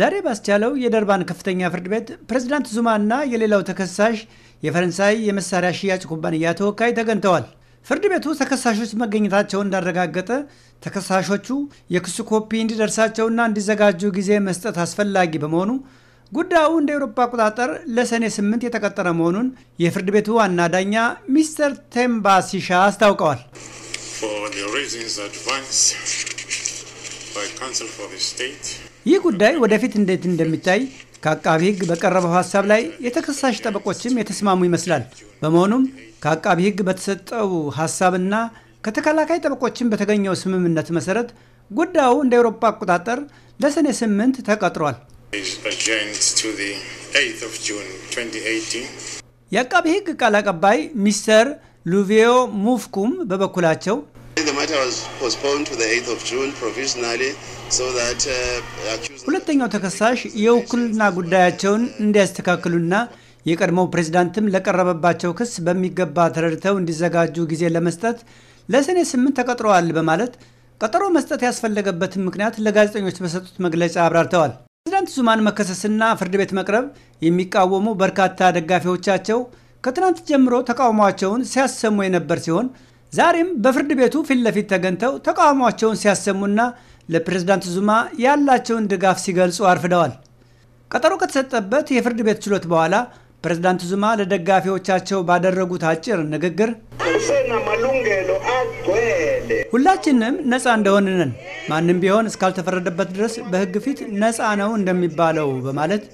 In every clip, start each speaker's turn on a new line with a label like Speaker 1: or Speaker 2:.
Speaker 1: ዛሬ ባስቻለው የደርባን ከፍተኛ ፍርድ ቤት ፕሬዝዳንት ዙማ እና የሌላው ተከሳሽ የፈረንሳይ የመሳሪያ ሽያጭ ኩባንያ ተወካይ ተገኝተዋል። ፍርድ ቤቱ ተከሳሾች መገኘታቸውን እንዳረጋገጠ ተከሳሾቹ የክሱ ኮፒ እንዲደርሳቸውና እንዲዘጋጁ ጊዜ መስጠት አስፈላጊ በመሆኑ ጉዳዩ እንደ ኤውሮፓ አቆጣጠር ለሰኔ 8 የተቀጠረ መሆኑን የፍርድ ቤቱ ዋና ዳኛ ሚስተር ቴምባ ሲሻ አስታውቀዋል። ይህ ጉዳይ ወደፊት እንዴት እንደሚታይ ከአቃቢ ህግ በቀረበው ሀሳብ ላይ የተከሳሽ ጠበቆችም የተስማሙ ይመስላል። በመሆኑም ከአቃቢ ህግ በተሰጠው ሀሳብና ከተከላካይ ጠበቆችም በተገኘው ስምምነት መሰረት ጉዳዩ እንደ አውሮፓ አቆጣጠር ለሰኔ ስምንት ተቀጥሯል። የአቃቢ ህግ ቃል አቀባይ ሚስተር ሉቪዮ ሙፍኩም በበኩላቸው ሁለተኛው ተከሳሽ የውክልና ጉዳያቸውን እንዲያስተካክሉና የቀድሞው ፕሬዝዳንትም ለቀረበባቸው ክስ በሚገባ ተረድተው እንዲዘጋጁ ጊዜ ለመስጠት ለሰኔ ስምንት ተቀጥረዋል በማለት ቀጠሮ መስጠት ያስፈለገበትን ምክንያት ለጋዜጠኞች በሰጡት መግለጫ አብራርተዋል። ፕሬዝዳንት ዙማን መከሰስና ፍርድ ቤት መቅረብ የሚቃወሙ በርካታ ደጋፊዎቻቸው ከትናንት ጀምሮ ተቃውሟቸውን ሲያሰሙ የነበር ሲሆን ዛሬም በፍርድ ቤቱ ፊት ለፊት ተገኝተው ተቃውሟቸውን ሲያሰሙና ለፕሬዝዳንት ዙማ ያላቸውን ድጋፍ ሲገልጹ አርፍደዋል። ቀጠሮ ከተሰጠበት የፍርድ ቤት ችሎት በኋላ ፕሬዝዳንት ዙማ ለደጋፊዎቻቸው ባደረጉት አጭር ንግግር ሁላችንም ነፃ እንደሆንነን ማንም ቢሆን እስካልተፈረደበት ድረስ በሕግ ፊት ነፃ ነው እንደሚባለው በማለት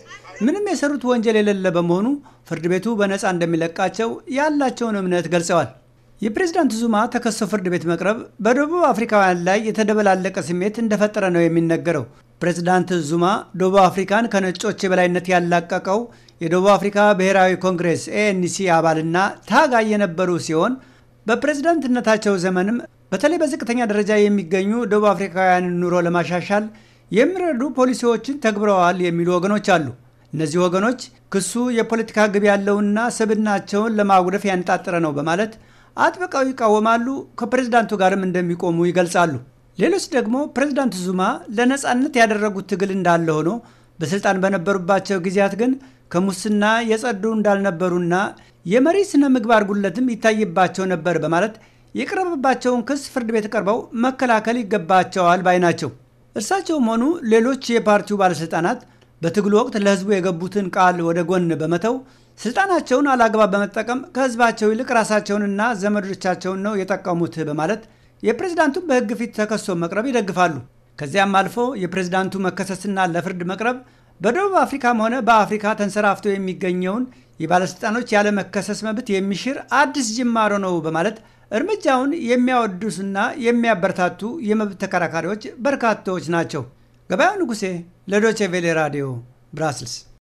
Speaker 1: ምንም የሰሩት ወንጀል የሌለ በመሆኑ ፍርድ ቤቱ በነፃ እንደሚለቃቸው ያላቸውን እምነት ገልጸዋል። የፕሬዝዳንት ዙማ ተከሶ ፍርድ ቤት መቅረብ በደቡብ አፍሪካውያን ላይ የተደበላለቀ ስሜት እንደፈጠረ ነው የሚነገረው። ፕሬዝዳንት ዙማ ደቡብ አፍሪካን ከነጮች የበላይነት ያላቀቀው የደቡብ አፍሪካ ብሔራዊ ኮንግሬስ ኤኤንሲ አባልና ታጋይ የነበሩ ሲሆን በፕሬዝዳንትነታቸው ዘመንም በተለይ በዝቅተኛ ደረጃ የሚገኙ ደቡብ አፍሪካውያንን ኑሮ ለማሻሻል የሚረዱ ፖሊሲዎችን ተግብረዋል የሚሉ ወገኖች አሉ። እነዚህ ወገኖች ክሱ የፖለቲካ ግብ ያለውና ስብናቸውን ለማጉደፍ ያነጣጠረ ነው በማለት አጥብቀው ይቃወማሉ። ከፕሬዝዳንቱ ጋርም እንደሚቆሙ ይገልጻሉ። ሌሎች ደግሞ ፕሬዝዳንት ዙማ ለነፃነት ያደረጉት ትግል እንዳለ ሆኖ በስልጣን በነበሩባቸው ጊዜያት ግን ከሙስና የጸዱ እንዳልነበሩና የመሪ ስነ ምግባር ጉለትም ይታይባቸው ነበር በማለት የቀረበባቸውን ክስ ፍርድ ቤት ቀርበው መከላከል ይገባቸዋል ባይ ናቸው። እርሳቸውም ሆኑ ሌሎች የፓርቲው ባለሥልጣናት በትግሉ ወቅት ለሕዝቡ የገቡትን ቃል ወደ ጎን በመተው ስልጣናቸውን አላግባብ በመጠቀም ከህዝባቸው ይልቅ ራሳቸውንና ዘመዶቻቸውን ነው የጠቀሙት በማለት የፕሬዝዳንቱን በህግ ፊት ተከሶ መቅረብ ይደግፋሉ። ከዚያም አልፎ የፕሬዝዳንቱ መከሰስና ለፍርድ መቅረብ በደቡብ አፍሪካም ሆነ በአፍሪካ ተንሰራፍቶ የሚገኘውን ያለ መከሰስ መብት የሚሽር አዲስ ጅማሮ ነው በማለት እርምጃውን የሚያወዱስና የሚያበረታቱ የመብት ተከራካሪዎች በርካታዎች ናቸው። ገበያው ንጉሴ ለዶቼ ቬሌ ራዲዮ ብራስልስ